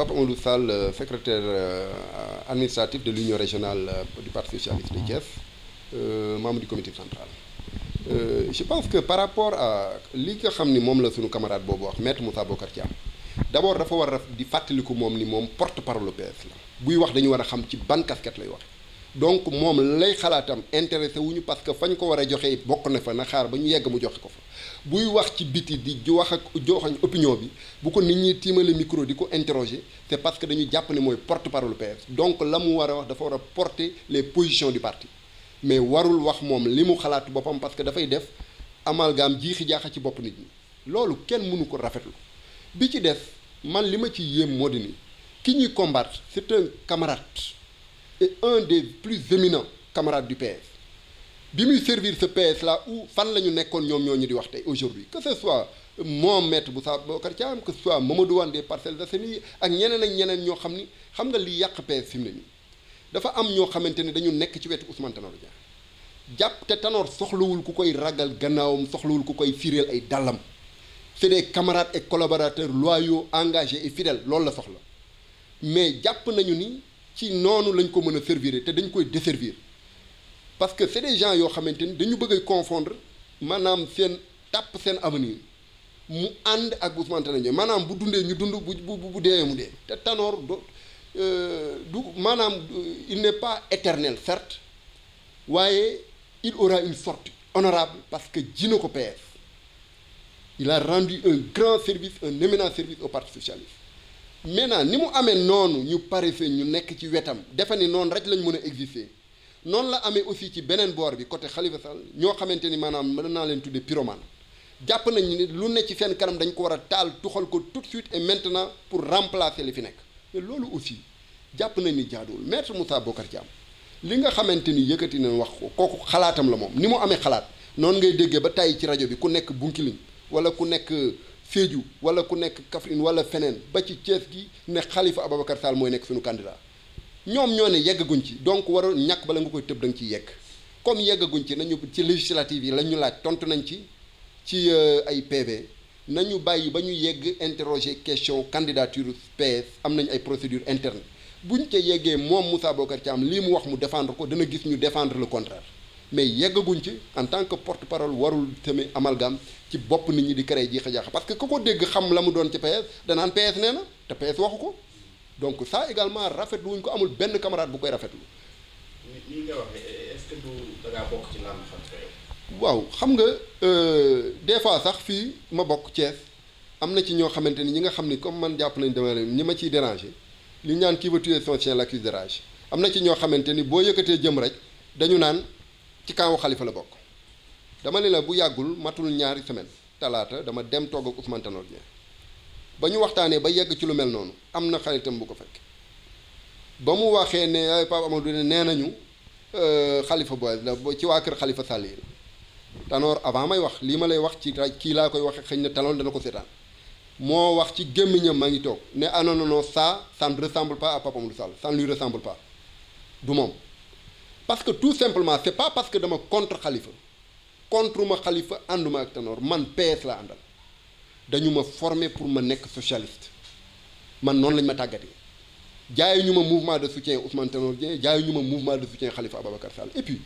Pape Amadou Sall euh, secrétaire euh, administratif de l'union régionale euh, du parti socialiste de Thiès membre du comité central. je pense que par rapport à li nga xam ni moom la suñu camarade boobu wax maître Moussa Bocar Thiam d'abord dafa war a di fàttaliku moom ni moom porte-parole PS la buy wax dañu war a xam ci ban casquette lay wax. donc moom lay xalaatam intéressé wu ñu parce que fañ ko war a joxee bokk na fa na xaar ba ñu yegg mu joxe ko fa buy wax ci biti di wax ak joxañ opinion bi bu ko nit ñi tiimale micro di ko interroger c'est parce que dañu jàpp ne mooy porte-parole PS donc la mu war a wax dafa war a porter le position du parti mais warul wax moom li mu xalaat boppam parce que dafay def amalgame jiixi jaaxa ci bopp nit ñi loolu kenn mënu ko rafetlu bi ci des man li ma ci yéem moo di ni ki ñuy combattre c'est un et un des plus éminents camarades du PS bi muy servir ce PS là où fan la ñu nekkoon ñoom ñoo ñu di wax tey aujourd'hui que ce soit moom bu Moussa Bocar Thiam que ce soit Mamadou Wane parcelle Parcelles Assainies ak ñeneen ak ñeneen ñoo xam ni xam nga li yàq PS fi ne nii dafa am ñoo xamante ni dañu nekk ci wetu Ousmane Tanor jàpp te Tanor soxlawul ku koy ragal gannaawam soxlawul ku koy fireel ay dàllam c'est des camarades et collaborateurs loyaux engagés et fidèles loolu la soxla mais jàpp nañu ni. ci noonu lañ ko mën a servir te dañ koy desservir parce que c'est des gens yoo xamante ni dañu bëgg a confondre maanaam seen tàpp seen avenir mu ànd ak Ousmane Tanor Dieng maanaam bu dundee ñu dund bu bu bu dee mu dee te Tanor do euh, du maanaam euh, il n'est pas éternel certes waaye il aura une sortie honorable parce que ji na ko PS il a rendu un grand service un éminent service au Parti socialiste maintenant ni mu amee noonu ñu pare fe ñu nekk ci wetam defe ni noonu rek lañ mën a exister noonu la amee aussi ci beneen boor bi côté Khalifa Sall ñoo xamante ni maanaam mën naa leen tuddee pyromane jàpp nañ ni lu ne ci seen kanam dañ ko war a taal tuxal ko tout de suite et maintenant pour remplacer li fi nekk mais loolu aussi jàpp nañ ni jaaduwul maître Moussa ci am li nga xamante ni yëkkati na wax ko kooku xalaatam la moom ni mu amee xalaat noonu ngay déggee ba tàyyi ci rajo bi ku nekk bunkiliñ wala ku nekk. Sédhiou wala ku nekk Kaffrine wala feneen ba ci Thiès gi ne Khalifa Ababacar Sall mooy nekk suñu candidat ñoom ñoo ne yeggaguñ ci donc waroon ñàkk bala nga koy tëb da nga ciy yegg comme yeggaguñ ci nañu ci législative yi la ñu laaj tontu nañ ci ci euh, ay PV nañu bàyyi ba ñu yegg interroger question candidature PS am nañ ay procédure interne buñ ca yeggee moom Moussa Bocar am lii mu wax mu defendre ko dana gis ñu défendre le contraire mais yeggaguñ ci en tant que porte-parole warul tamit amalgame ci bopp nit ñi di créé jiixa jaaxa parce que ku ko dégg xam la mu doon ci PS danaan PS nee na te PS waxu ko donc ça également rafetlu wuñ ko amul benn camarade bu koy rafetlu. ni nga wax waaw xam nga euh, des fois sax fii ma bokk Thiès am na ci ñoo xamante ni ñi nga xam ni comme man jàpp nañ dama ñi ma ciy déranger li ñaan naan qui veut tuer son chien am na ci ñoo xamante ni boo yëkkatee jëm rek dañu naan ci kaawu xalifa la bokk. dama ne la bu yàggul matul ñaari semaine talaata dama dem togg ak Ousmane Tanor Dieng ba ñu waxtaanee ba yegg ci lu mel noonu am na xaritam bu ko fekk ba mu waxee ne ay Pape Amadou ne nee nañu xalifa euh, Boye la ci waa kër xalifa Sall yi Tanor avant may wax lii ma lay wax ci kii laa koy waxee xëñ na taloon dana ko seetaan moo wax ci gémmiñam maa ngi toog ne ah non non non ça ça ne ressemble pas à Pape Amadou Sall ça ne pas du moom parce que tout simplement c'est pas parce que dama contre xalifa contre ma xalifa ànduma ak Tanor man PS la àndal dañu ma formé pour ma nekk socialiste man noonu lañ ma tàggatee jaayu ñu ma mouvement de soutien Ousmane Tanor Dieng jaayu ñu ma mouvement de soutien Khalifa Ababacar Sall et puis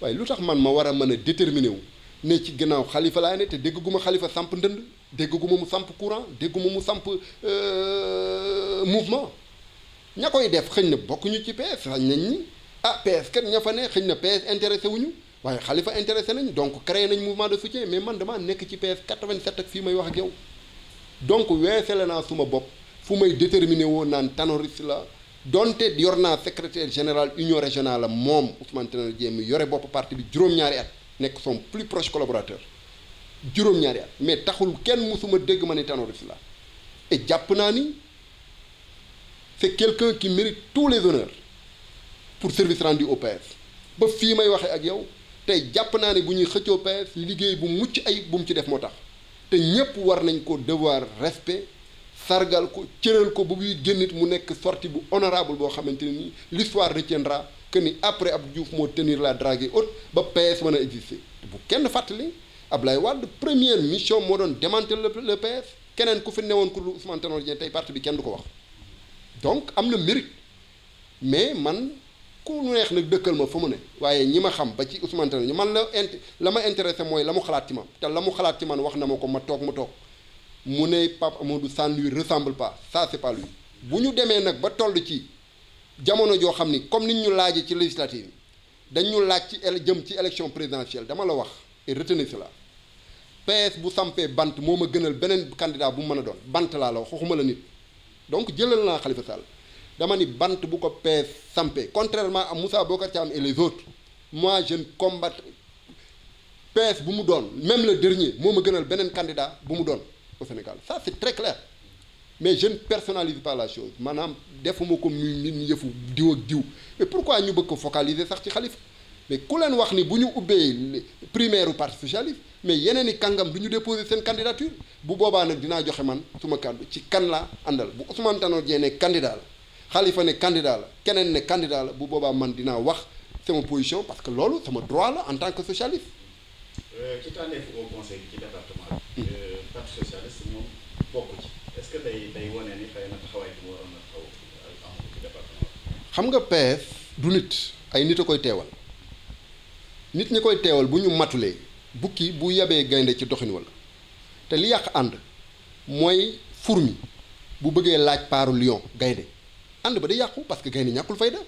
waaye lu tax man ma war a mën a déterminé wu ne ci gannaaw xalifa laa ne te dégguma Khalifa samp ndënd dégguma mu samp courant dégguma mu samp euh, mouvement ña koy def xëñ na bokkuñu ci PS xañ nañ ni ah PS kat ña fa ne xëñ na PS intéressé wuñu waaye Khalifa intéressé nañ donc créé nañ mouvement de soutien mais man damaa nekk ci PS 87 ak fii may wax ak yow donc weesale naa suma bopp fu may déterminé woon naan tanoriste la donte yor naa secretaire général union régionale la moom Ousmane Tanor Dieng mi yore bopp parti bi juróom-ñaari at nekk son plus proche collaborateur juróom-ñaari at mais taxul kenn mosuma dégg ma ne tanoriste la et jàpp naa ni c'est quelqu'un qui mérite tous les honneurs pour service rendu au PS ba fii may waxee ak yow tey jàpp naa ne gu ñuy xëccoo PF liggéey bu mucc ay bu mu ci def moo tax te ñépp war nañ ko devoir respect sargal ko cëral ko bu muy génnit mu nekk sortie bu honorable boo xamante ne ni l'histoire retiendra que ni après Abdou Diouf moo tenir la drague ot ba PS mën a exister bu kenn fàttali Ablaye Wade première mission moo doon démanteler le PS keneen ku fi newoon ku Ousmane Tanor Dieng tey parti bi kenn du ko wax donc am na mérite mais man ku neex nag dëkkal ma fa mu ne waaye ñi ma xam ba ci Ousmane Tanor man la int la ma mooy la mu xalaat ci man te la mu xalaat ci man wax na ma ko ma toog ma toog mu ne Pape Amadou du ne lui resemble pas ça c'est pas bu ñu demee nag ba toll ci jamono joo xam ni comme ni ñu laajee ci législative dañ ñu laaj ci jëm ci élection présidentielle dama la wax et retenez la PS bu sampee bant moo ma gënal beneen candidat bu mu mën a doon bant laa la wax waxuma la nit donc jëlal naa Khalifa dama ni bant bu ko pees sampe contrairement à Moussa Bocar Thiam et les autres mois jeune ne combat pees bu mu doon même la dernier moo ma gënal beneen candidat bu mu doon au Sénégal ça c'est très clair mais je ne personnalise la chose maanaam defuma ko muy nit ñi yëfu diw ak diw mais pourquoi ñu bëgg focaliser sax ci xalifa mais ku leen wax ni bu ñu ubbee primaire u parti socialiste mais yeneen i kàngam du ñu déposer seen candidature bu boobaa nag dinaa joxe man suma kàddu ci kan laa àndal bu Ousmane Tanor Dieng ne candidat la xalifa ne candidat la keneen ne la bu boobaa man dinaa wax sama position parce que loolu sama droit la en tant que socialiste. Euh, euh, xam nga PS du nit ay nit a koy teewal nit ñi koy teewal bu ñu matulee bukki bu yabee gaynde ci doxin walla te li yàq ànd mooy fourmi bu bëggee laaj paaru lion gaynde ànd ba di yàqu parce que gaynde ñàkkul fayda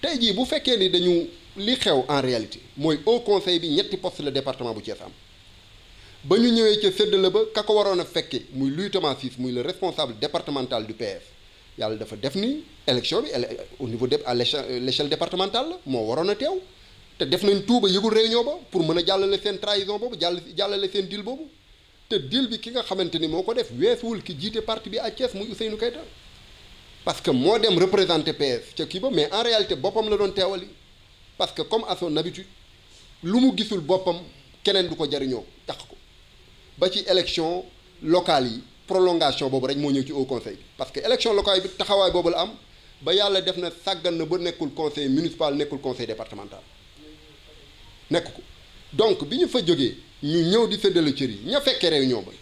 tey jii bu fekkee ni dañu li xew en réalité mooy au conseil bi ñetti poste la département bu Thiès am ba ñu ñëwee ca séddale ba ka ko waroon a fekke muy Louis Thomas Ciss muy le responsable départemental du PS yàlla dafa def ni élection bi euh, au niveau de à euh, l'échelle départementale la moo waroon a teew te def nañ tuuba yëgul réunion ba pour mën a jàllale seen trahison boobu jàll jàllale seen deal boobu te ki nga xamante ni moo ko def weesuwul ki jiite parti bi à Thiès muy Ousseynou Keita parce que moo dem représenté PS ca kii ba mais en réalité boppam la doon teewali parce que comme à son habitude lu mu gisul boppam keneen du ko jariñoo tax ko ba ci élection locale yi prolongation boobu rek moo ñëw ci au conseil parce que élection locale bi taxawaay boobu la am ba yàlla def na sàggan na ba nekkul conseil municipal nekkul conseil départemental nekk ko donc bi ñu fa jógee ñu ñëw di séddale cër yi ña fekkee réunion ba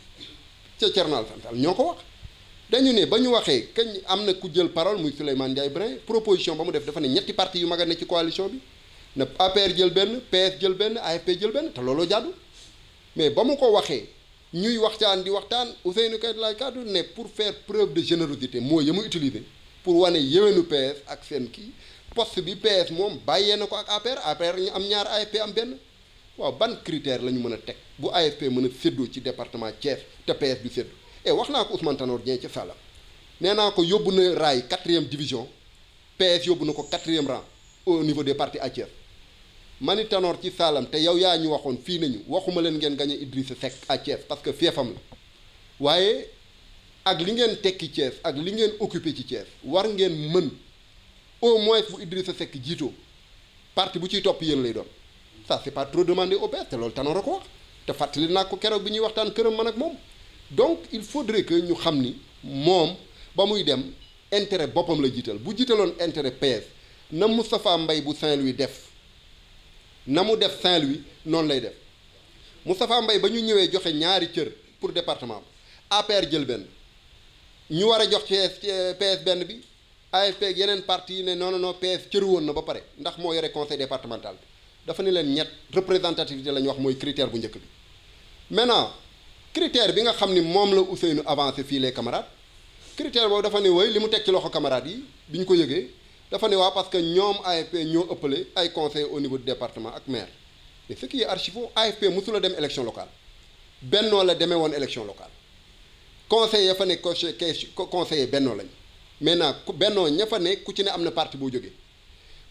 ca Thierno Alassane Sall ñoo ko wax. dañu ne ba ñu waxee kañ am na ku jël parole muy Souleymane Ndiaye Brin proposition ba mu def dafa ne ñetti parti yu mag a ne ci coalition bi na APR jël benn PS jël benn AFP jël benn te looloo jàddu mais ba mu ko waxee ñuy waxtaan di waxtaan Ousseynou Kay laay kaddu ne pour faire preuve de générosité moo ya mu utiliser pour wane yéwénu PS ak seen kii poste bi PS moom bàyyee na ko ak APR APR ñu am ñaar AFP am benn waaw ban critère la ñu mën a teg bu AFP mën a séddoo ci département Thiès te PS du et eh, wax naa ko Ousmane Tanor Dieng ci Fala nee naa ko yóbbu na raay quatrième division PS yóbbu na ko quatrième rang au niveau des partis à Thiès mani Tanor ci saalam te yow yaa ñu waxoon fii nañu waxuma leen ngeen gañe Idrissa Seck à Thiès parce que feefam la waaye ak li ngeen tekki Thiès ak li ngeen occupé ci Thiès war ngeen mën au moins bu Idrissa Seck jiitoo parti bu ciy topp yéen lay doon sa c'est pas trop demandé au te loolu tanoor a ko wax te fàttali naa ko keroog bi ñuy waxtaan këram man ak moom donc il faudrait que ñu xam ni moom ba muy dem intérêt boppam la jiital bu jiitaloon intérêt PS na Moustapha mbay bu Saint-Louis def na mu def Saint-Louis noonu lay def Moustapha mbay ba ñu ñëwee joxe ñaari cër pour département APR jël benn ñu war a jox ci euh, PS benn bi AFP ak yeneen parti yi ne non non PS cëru woon na ba pare ndax moo yore conseil départemental bi dafa ne leen ñett représentativité la ñu wax mooy critère bu njëkk bi critère bi nga xam ni moom la Ousseynou avancé fii les camarades critère boobu dafa ne woy li mu teg ci loxo camarades yi bi ñu ko yëgee dafa ne waa parce que ñoom AFP ñoo ëppale ay conseil au niveau du département ak maire et ce qui est archivo AFP mosula dem élection locale bennoo la demee woon élection locale conseil ya fa ne conseiller bennoo lañ maintenant ku bennoo ña fa ne ku ci ne am na parti boo jógee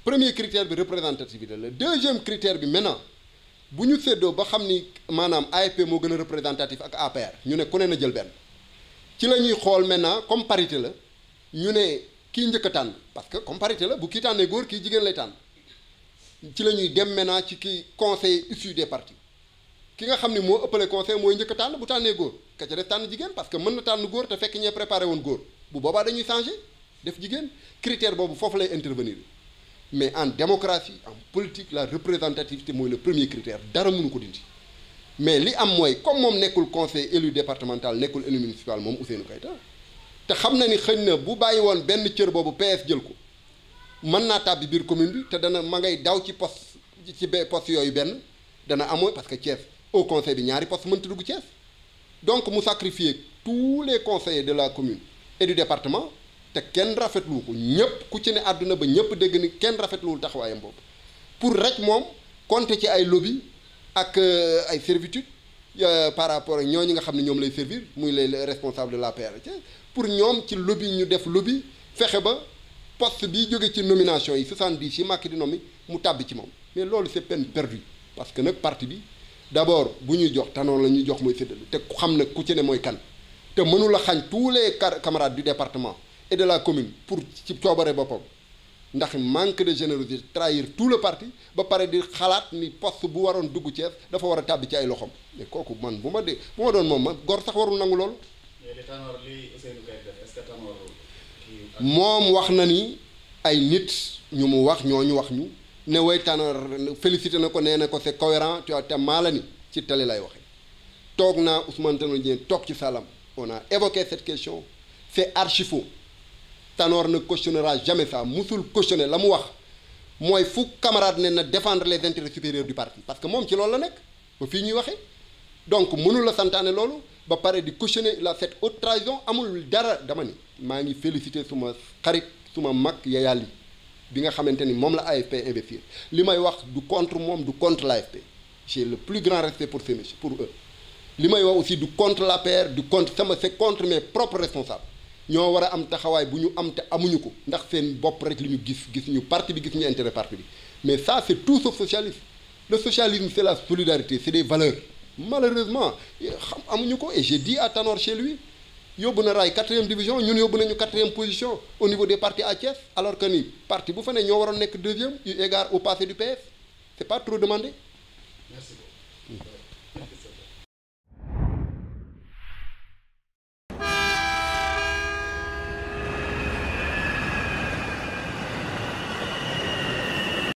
premier critère bi représentativité la deuxième critère bi maintenant bu ñu séddoo ba xam ni maanaam AFP moo gën a représentatif ak APR ñu ne ku ne na jël benn ci la ñuy xool maintenant comme parité la ñu ne kii njëkk a tànn parce que comme parité la bu kii tànnee góor kii jigéen lay tànn ci la ñuy dem maintenant ci kii conseil issu des partis ki nga xam ni moo ëppale conseil mooy njëkk tànn bu tànnee góor ka ca def tànn jigéen parce que mën na tànn góor te fekk ñee préparé woon góor bu boobaa dañuy changé def jigéen critère boobu foofu lay intervenir. mais en démocratie en politique la représentativité mooy le premier critère dara mënu ko dindi mais li am mooy comme moom nekkul conseil élu départemental nekkul élu municipal moom Ousseynou Keïta te xam na ni xëñ na bu bàyyi woon benn cër boobu PS jël ko mën naa tàbbi biir commune bi te dana ma ngay daw ci poste ci poste yooyu benn dana amoo parce que Thiès au conseil bi ñaari poste mënta dugg Thiès donc mu sacrifier tous les conseillers de la commune et département te kenn rafetlu ko ñëpp ku ci ne àdduna ba ñëpp dégg ni kenn rafetluwul taxawaayam boobu pour rek moom konte ci ay lobby ak euh, ay servitude euh, par rapport ak ñooñu nga xam ne ñoom lay servir muy les responsables de l'APR pour ñoom ci lobby ñu def lobby fexe ba poste bi jóge ci nomination yi 70 yi Macky di nomi mu tàbbi ci moom mais loolu c'est peine perdue parce que nag parti bi d'abord bu ñuy jox tanoon la ñuy jox mooy séddale te xam na ku ci mooy kan te mënula xañ tous les camarades du département et de la commune pour ci coobare boppam ndax manque de générosité trahir tout le parti ba pare di xalaat ni post bu waroon dugg Thiès dafa war a tàbbi ci ay loxoom mais kooku man bu ma de bu ma doon moom ma gor sax warul nangu loolu. moom wax na ni ay nit ñu mu wax ñoo ñu wax ñu ne way Tanor félicité na ko nee na ko c'est cohérent tu as te maala ni ci tali lay waxee toog naa Ousmane Tanor Dieng toog ci salam on a évoqué cette question c'est archi faux Tanor ne cautionnera jamais ça musul cautionner la mu wax mooy fu camarade ne na défendre les intérêts supérieurs du parti parce que moom ci loolu la nekk ba fii ñuy waxee donc mënul santaane loolu ba pare di cautionner la cette haute trahison amul dara dama ni maa ngi féliciter suma xarit suma mag Yaya Ly bi nga xamante ni moom la AFP investir li may wax du contre moom du contre l'AFP j'ai le plus grand respect pour ces messieurs pour eux li may wax aussi du contre l'APR du contre sama c'est contre mes ñoo war a am taxawaay bu ñu am te amuñu ko ndax seen bopp rek lu ñu gis gis ñu parti bi gis ñu intérêt parti bi mais ça c'est tout sauf socialisme le socialisme c'est la solidarité c'est des valeurs malheureusement xam amuñu ko et j'ai dit à Tanor chez lui yóbbu na raay quatrième division ñun yóbbu nañu quatrième position au niveau des partis à Thiès alors que ni parti bu fa ne ñoo waroon nekk deuxième eu égard au passé du PS c'est pas trop demandé